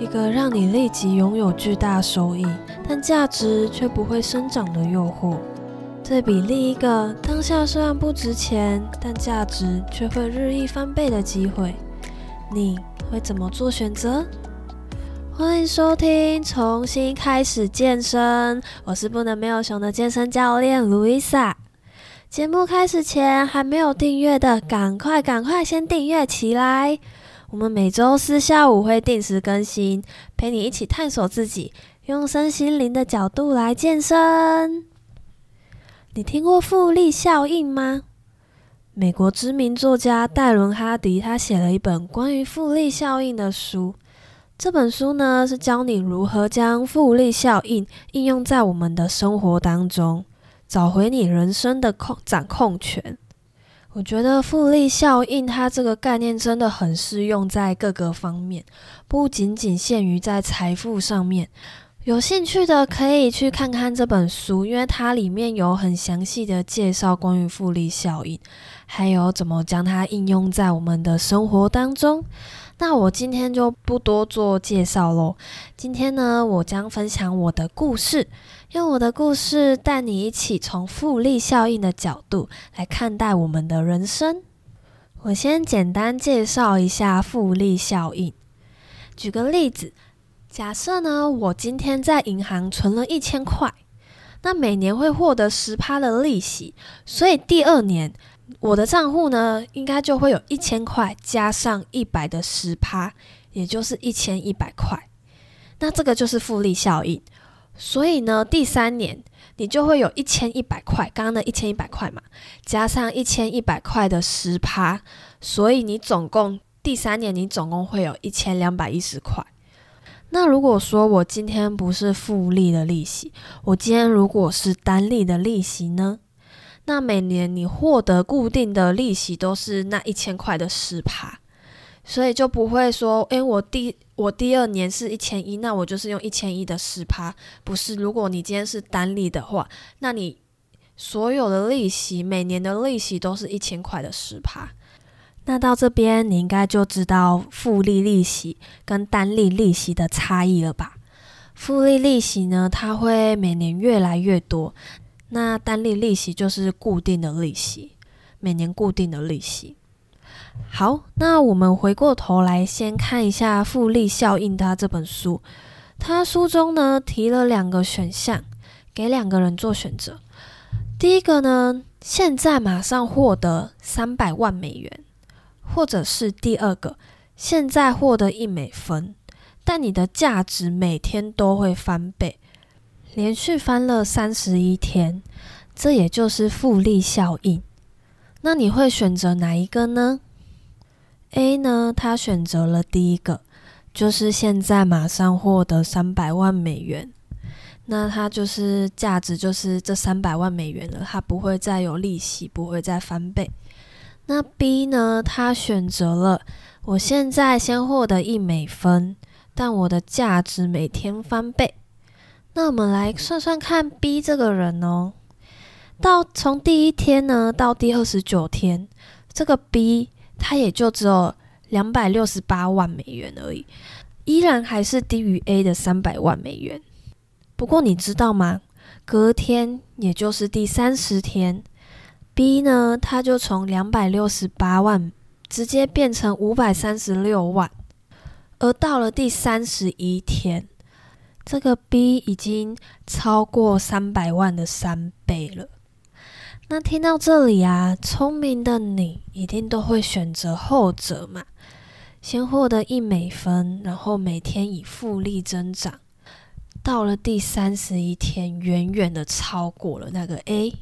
一個讓你立即擁有巨大收益，但價值卻不會生長的誘惑，對比另一個當下雖然不值錢，但價值卻會日益翻倍的機會，你會怎麼做選擇？歡迎收聽重新開始健身，我是不能沒有熊的健身教練露易莎。節目開始前，還沒有訂閱的，趕快趕快先訂閱起來。我們每周四下午會定時更新，陪你一起探索自己，用身心靈的角度來健身。你聽過複利效應嗎？美國知名作家戴倫哈迪他寫了一本關於複利效應的書。這本書呢，是教你如何將複利效應應用在我們的生活當中，找回你人生的控掌控權。我覺得複利效應，它這個概念真的很適用在各個方面，不僅僅限於在財富上面。有興趣的可以去看看這本書，因為它裡面有很詳細的介紹關於複利效應，還有怎麼將它應用在我們的生活當中。那我今天就不多做介紹嘍。今天呢，我將分享我的故事。用我的故事，帶你一起從複利效應的角度來看待我們的人生。我先簡單介紹一下複利效應。舉個例子，假設呢，我今天在銀行存了一千塊，那每年會獲得十%的利息，所以第二年我的賬戶呢，應該就會有一千塊加上一百的十%，也就是一千一百塊。那這個就是複利效應。所以呢，第三年你就會有一千一百塊，剛剛的一千一百塊嘛，加上一千一百塊的十趴，所以你總共第三年你總共會有一千兩百一十塊。那如果說我今天不是複利的利息，我今天如果是單利的利息呢？那每年你獲得固定的利息都是那一千塊的十趴，所以就不會說，哎、欸，我第。我第二年是一千一，那我就是用一千一的十趴，不是。如果你今天是單利的話，那你所有的利息，每年的利息都是一千塊的十趴。那到這邊你應該就知道複利利息跟單利利息的差異了吧？複利利息呢，它會每年越來越多；那單利利息就是固定的利息，每年固定的利息。好，那我們回過頭來先看一下《複利效應》他這本書，他書中呢提了兩個選項給兩個人做選擇。第一個呢，現在馬上獲得三百萬美元，或者是第二個，現在獲得一美分，但你的價值每天都會翻倍，連續翻了三十一天，這也就是複利效應。那你會選擇哪一個呢？A 呢，他選擇了第一個，就是現在馬上獲得三百萬美元，那他就是價值就是這三百萬美元了，他不會再有利息，不會再翻倍。那 B 呢，他選擇了我現在先獲得一美分，但我的價值每天翻倍。那我們來算算看，B 這個人哦，到從第一天呢到第二十九天，這個 B。它也就只有兩百六十八萬美元而已，依然還是低於 A 的三百萬美元。不過你知道嗎？隔天，也就是第三十天，B 呢，它就從兩百六十八萬直接變成五百三十六萬，而到了第三十一天，這個 B 已經超過三百萬的三倍了。那聽到這裡啊，聰明的你一定都會選擇後者嘛，先獲得一美分，然後每天以複利增長，到了第三十一天，遠遠的超過了那個 A。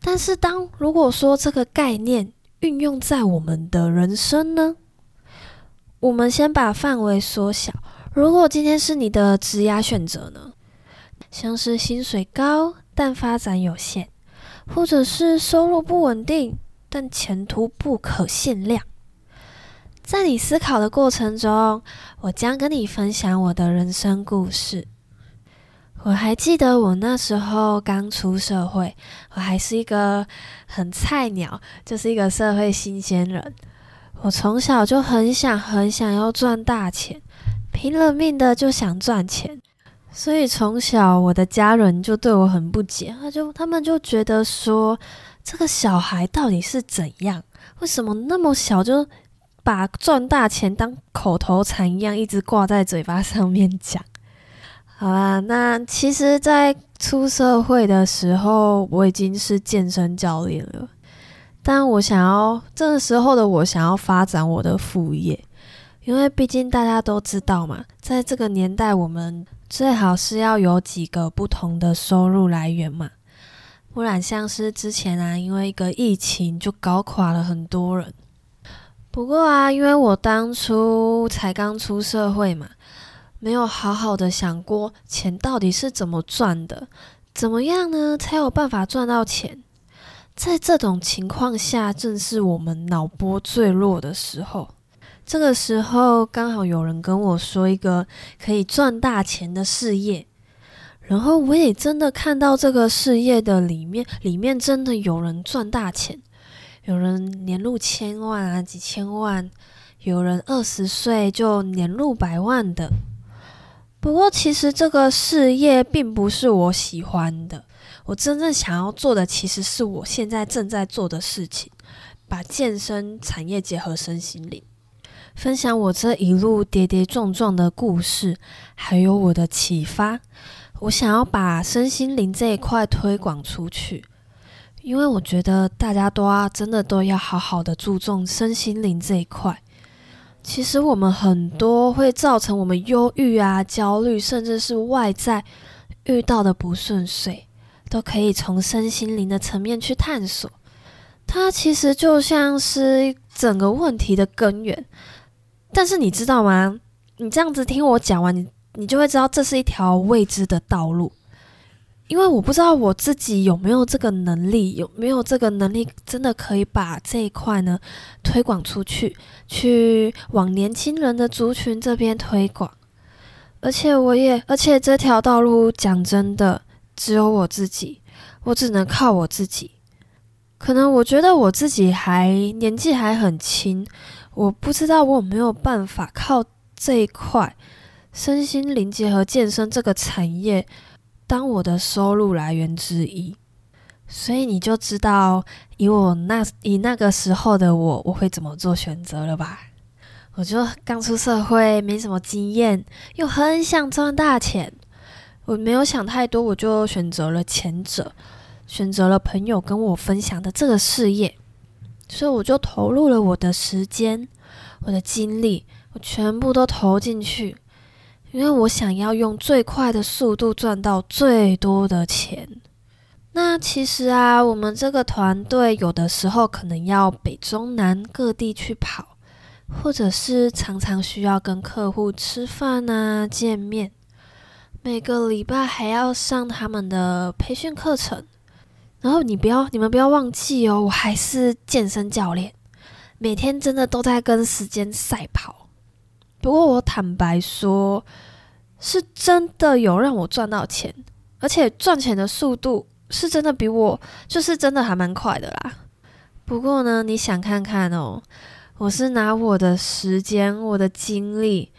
但是當，當如果說這個概念運用在我們的人生呢？我們先把範圍縮小，如果今天是你的職涯選擇呢，像是薪水高但發展有限，或者是收入不穩定，但前途不可限量。在你思考的過程中，我將跟你分享我的人生故事。我還記得我那時候剛出社會，我還是一個很菜鳥，就是一個社會新鮮人。我從小就很想很想要賺大錢，拼了命的就想賺錢。所以從小，我的家人就對我很不解，他就他們就覺得說，這個小孩到底是怎樣？為什麼那麼小就把賺大錢當口頭禪一樣，一直掛在嘴巴上面講？好啦，那其實，在出社會的時候，我已經是健身教練了，但我想要這個時候的我想要發展我的副業，因為畢竟大家都知道嘛，在這個年代，我們。最好是要有幾個不同的收入來源嘛，不然像是之前啊，因為一個疫情就搞垮了很多人。不過啊，因為我當初才剛出社會嘛，沒有好好的想過錢到底是怎麼賺的，怎麼樣呢才有辦法賺到錢。在這種情況下，正是我們腦波最弱的時候。這個時候剛好有人跟我說一個可以賺大錢的事業，然後我也真的看到這個事業的裡面，裡面真的有人賺大錢，有人年入千萬啊，幾千萬，有人二十歲就年入百萬的。不過其實這個事業並不是我喜歡的，我真正想要做的其實是我現在正在做的事情，把健身產業結合身心靈。分享我這一路跌跌撞撞的故事，還有我的啟發。我想要把身心靈這一塊推廣出去，因為我覺得大家都要、啊、真的都要好好的注重身心靈這一塊。其實我們很多會造成我們憂鬱啊、焦慮，甚至是外在遇到的不順遂，都可以從身心靈的層面去探索。它其實就像是整個問題的根源。但是你知道嗎？你這樣子聽我講完，你你就會知道，這是一條未知的道路，因為我不知道我自己有沒有這個能力，有沒有這個能力，真的可以把這一塊呢推廣出去，去往年輕人的族群這邊推廣。而且我也，而且這條道路講真的，只有我自己，我只能靠我自己。可能我覺得我自己還年紀還很輕。我不知道我有沒有辦法靠這一塊身心靈結合健身這個產業當我的收入來源之一，所以你就知道以我那以那個時候的我，我會怎麼做選擇了吧？我就剛出社會，沒什麼經驗，又很想賺大錢，我沒有想太多，我就選擇了前者，選擇了朋友跟我分享的這個事業。所以我就投入了我的時間、我的精力，我全部都投進去，因為我想要用最快的速度賺到最多的錢。那其實啊，我們這個團隊有的時候可能要北中南各地去跑，或者是常常需要跟客戶吃飯啊、見面，每個禮拜還要上他們的培訓課程。然後你不要，你們不要忘記哦，我還是健身教練，每天真的都在跟時間賽跑。不過我坦白說，是真的有讓我賺到錢，而且賺錢的速度是真的比我，就是真的還蠻快的啦。不過呢，你想看看哦，我是拿我的時間、我的精力、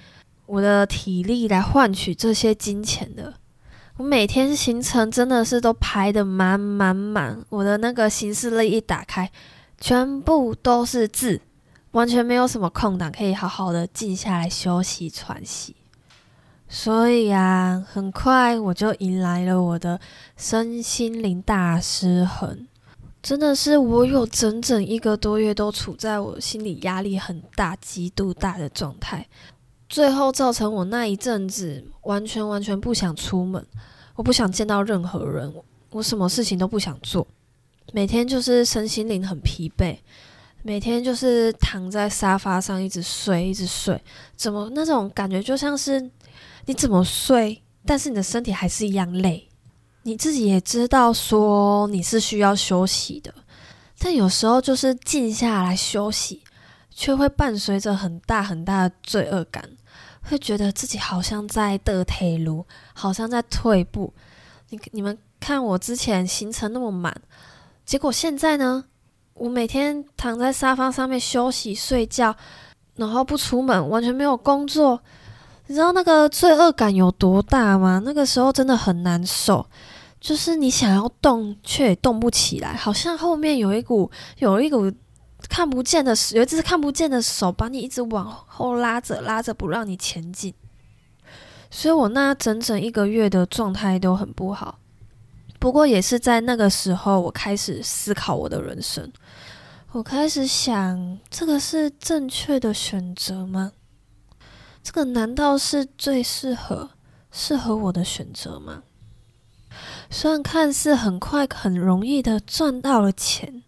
我的體力來換取這些金錢的。我每天行程真的是都排得滿滿滿，我的那個行事曆一打開，全部都是字，完全沒有什麼空檔可以好好的靜下來休息喘息。所以啊，很快我就迎來了我的身心靈大失衡，真的是我有整整一個多月都處在我心理壓力很大、極度大的狀態。最後造成我那一陣子完全完全不想出門，我不想見到任何人，我，我什麼事情都不想做，每天就是身心靈很疲憊，每天就是躺在沙發上一直睡一直睡。怎麼那種感覺就像是你怎麼睡，但是你的身體還是一樣累，你自己也知道說你是需要休息的，但有時候就是靜下來休息，卻會伴隨着很大很大的罪惡感，會覺得自己好像在倒退嚕，好像在退步。你你們看我之前行程那麼滿，結果現在呢，我每天躺在沙發上面休息睡覺，然後不出門，完全沒有工作。你知道那個罪惡感有多大嗎？那個時候真的很難受，就是你想要動卻也動不起來，好像後面有一股有一股。看不見的，有一只看不見的手把你一直往後拉着，拉着不讓你前進。所以我那整整一個月的狀態都很不好。不過也是在那個時候，我開始思考我的人生，我開始想，這個是正確的選擇嗎？這個難道是最適合適合我的選擇嗎？雖然看似很快很容易的賺到了錢。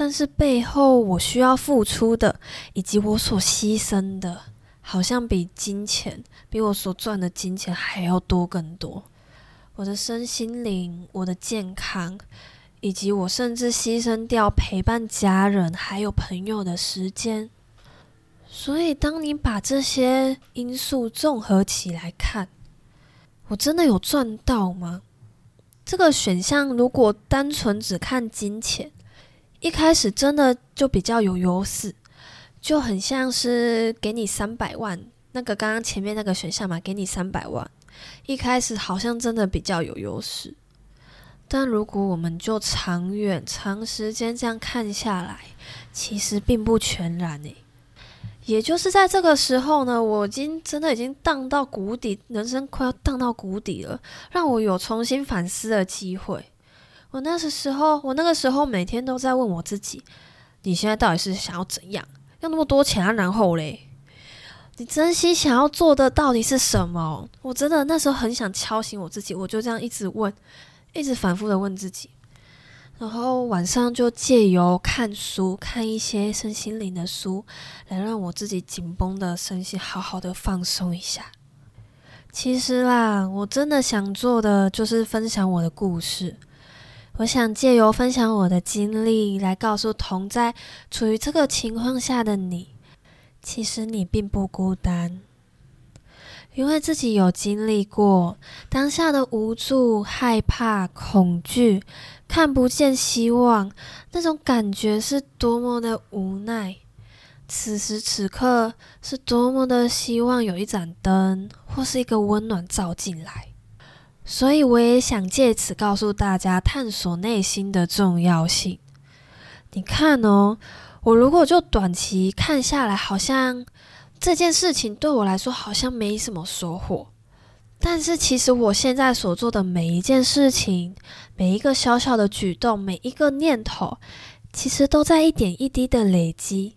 但是背後我需要付出的，以及我所犧牲的，好像比金錢，比我所賺的金錢還要多更多。我的身心靈、我的健康，以及我甚至犧牲掉陪伴家人還有朋友的時間。所以，當你把這些因素綜合起來看，我真的有賺到嗎？這個選項如果單純只看金錢，一開始真的就比較有優勢，就很像是給你三百萬，那個剛剛前面那個選項嘛，給你三百萬。一開始好像真的比較有優勢，但如果我們就長遠、長時間這樣看下來，其實並不全然誒。也就是在這個時候呢，我已經真的已經盪到谷底，人生快要盪到谷底了，讓我有重新反思的機會。我那時時候，我那個時候每天都在問我自己：你現在到底是想要怎樣？要那麼多錢啊？然後嘞，你真心想要做的到底是什麼？我真的那時候很想敲醒我自己，我就這樣一直問，一直反復的問自己。然後晚上就借由看書，看一些身心靈的書，來讓我自己緊繃的身心好好的放鬆一下。其實啦，我真的想做的就是分享我的故事。我想借由分享我的經歷，來告訴同在處於這個情況下的你，其實你並不孤單，因為自己有經歷過當下的無助、害怕、恐懼、看不見希望，那種感覺是多麼的無奈。此時此刻，是多麼的希望有一盞燈，或是一個溫暖照進來。所以，我也想借此告訴大家，探索內心的重要性。你看哦，我如果就短期看下來，好像這件事情對我來說好像沒什麼收穫。但是，其實我現在所做的每一件事情，每一個小小的舉動，每一個念頭，其實都在一點一滴的累積。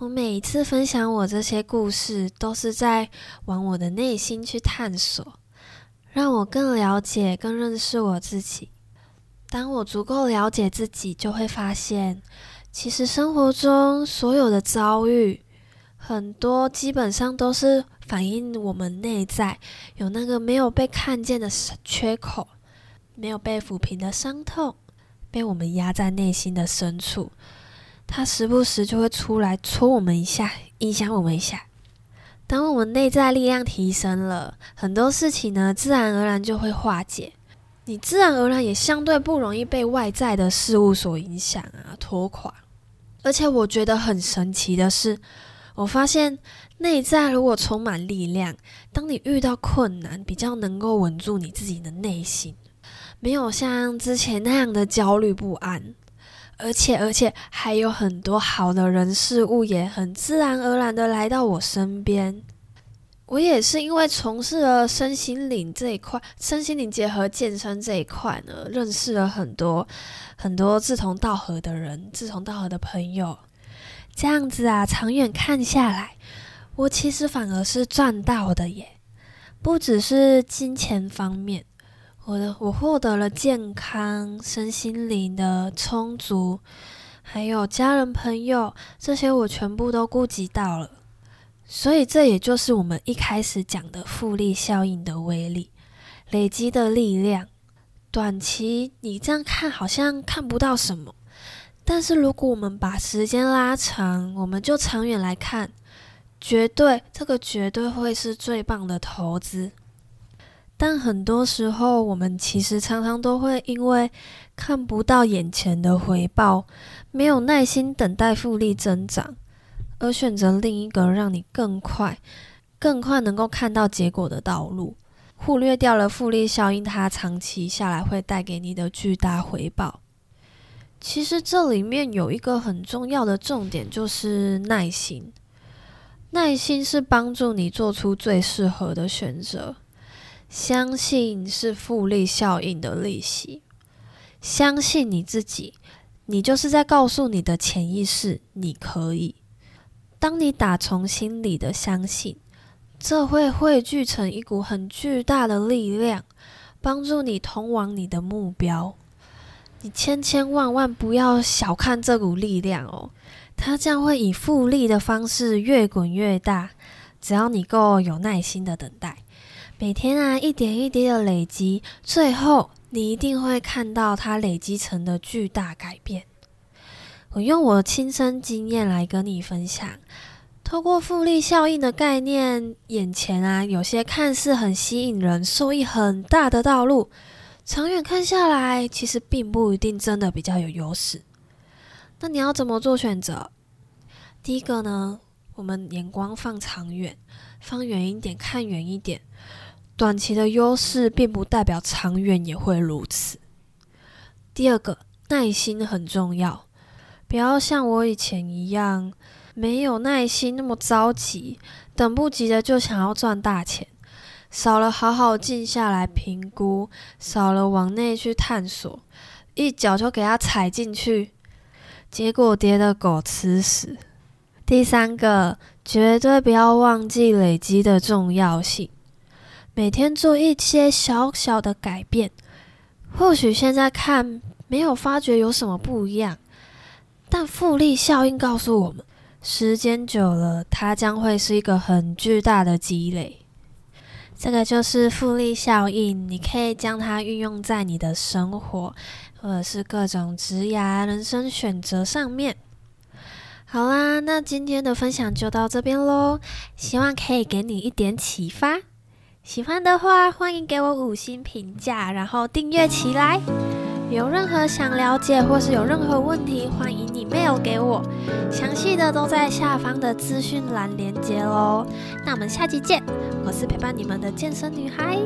我每一次分享我這些故事，都是在往我的內心去探索。讓我更了解、更認識我自己。當我足夠了解自己，就會發現，其實生活中所有的遭遇，很多基本上都是反映我們內在有那個沒有被看見的缺口，沒有被撫平的傷痛，被我們壓在內心的深處。它時不時就會出來戳我們一下，影響我們一下。當我們內在力量提升了，很多事情呢，自然而然就會化解。你自然而然也相對不容易被外在的事物所影響啊，拖垮。而且我覺得很神奇的是，我發現內在如果充滿力量，當你遇到困難，比較能夠穩住你自己的內心，沒有像之前那樣的焦慮不安。而且，而且還有很多好的人事物，也很自然而然的來到我身邊。我也是因為從事了身心靈這一塊，身心靈結合健身這一塊呢，認識了很多很多志同道合的人，志同道合的朋友。這樣子啊，長遠看下來，我其實反而是賺到的耶，不只是金錢方面。我的我獲得了健康、身心靈的充足，還有家人朋友，這些我全部都顧及到了。所以這也就是我們一開始講的複利效應的威力，累積的力量。短期你這樣看好像看不到什麼，但是如果我們把時間拉長，我們就長遠來看，絕對這個絕對會是最棒的投資。但很多時候，我們其實常常都會因為看不到眼前的回報，沒有耐心等待複利增長，而選擇另一個讓你更快、更快能夠看到結果的道路，忽略掉了複利效應它長期下來會帶給你的巨大回報。其實這裡面有一個很重要的重點，就是耐心。耐心是幫助你做出最適合的選擇。相信是複利效應的利息。相信你自己，你就是在告訴你的潛意識，你可以。當你打從心裡的相信，這會匯聚成一股很巨大的力量，幫助你通往你的目標。你千千萬萬不要小看這股力量哦，它將會以複利的方式越滾越大，只要你夠有耐心的等待。每天啊，一點一滴的累積，最後你一定會看到它累積成的巨大改變。我用我的親身經驗來跟你分享，透過複利效應的概念，眼前啊有些看似很吸引人、收益很大的道路，長遠看下來，其實並不一定真的比較有優勢。那你要怎麼做選擇？第一個呢，我們眼光放長遠，放遠一點，看遠一點。短期的優勢並不代表長遠也會如此。第二個，耐心很重要，不要像我以前一樣沒有耐心，那麼着急，等不及的就想要賺大錢，少了好好靜下來評估，少了往內去探索，一腳就給它踩進去，結果跌得狗吃屎。第三個，絕對不要忘記累積的重要性。每天做一些小小的改變，或許現在看沒有發覺有什麼不一樣，但複利效應告訴我們，時間久了，它將會是一個很巨大的積累。這個就是複利效應，你可以將它運用在你的生活，或者是各種職涯人生選擇上面。好啦，那今天的分享就到這邊嘍，希望可以給你一點啟發。喜歡的話，歡迎給我五星評價，然後訂閱起來。有任何想了解或是有任何問題，歡迎你 mail 給我，詳細的都在下方的資訊欄連結嘍。那我們下期見，我是陪伴你們的健身女孩。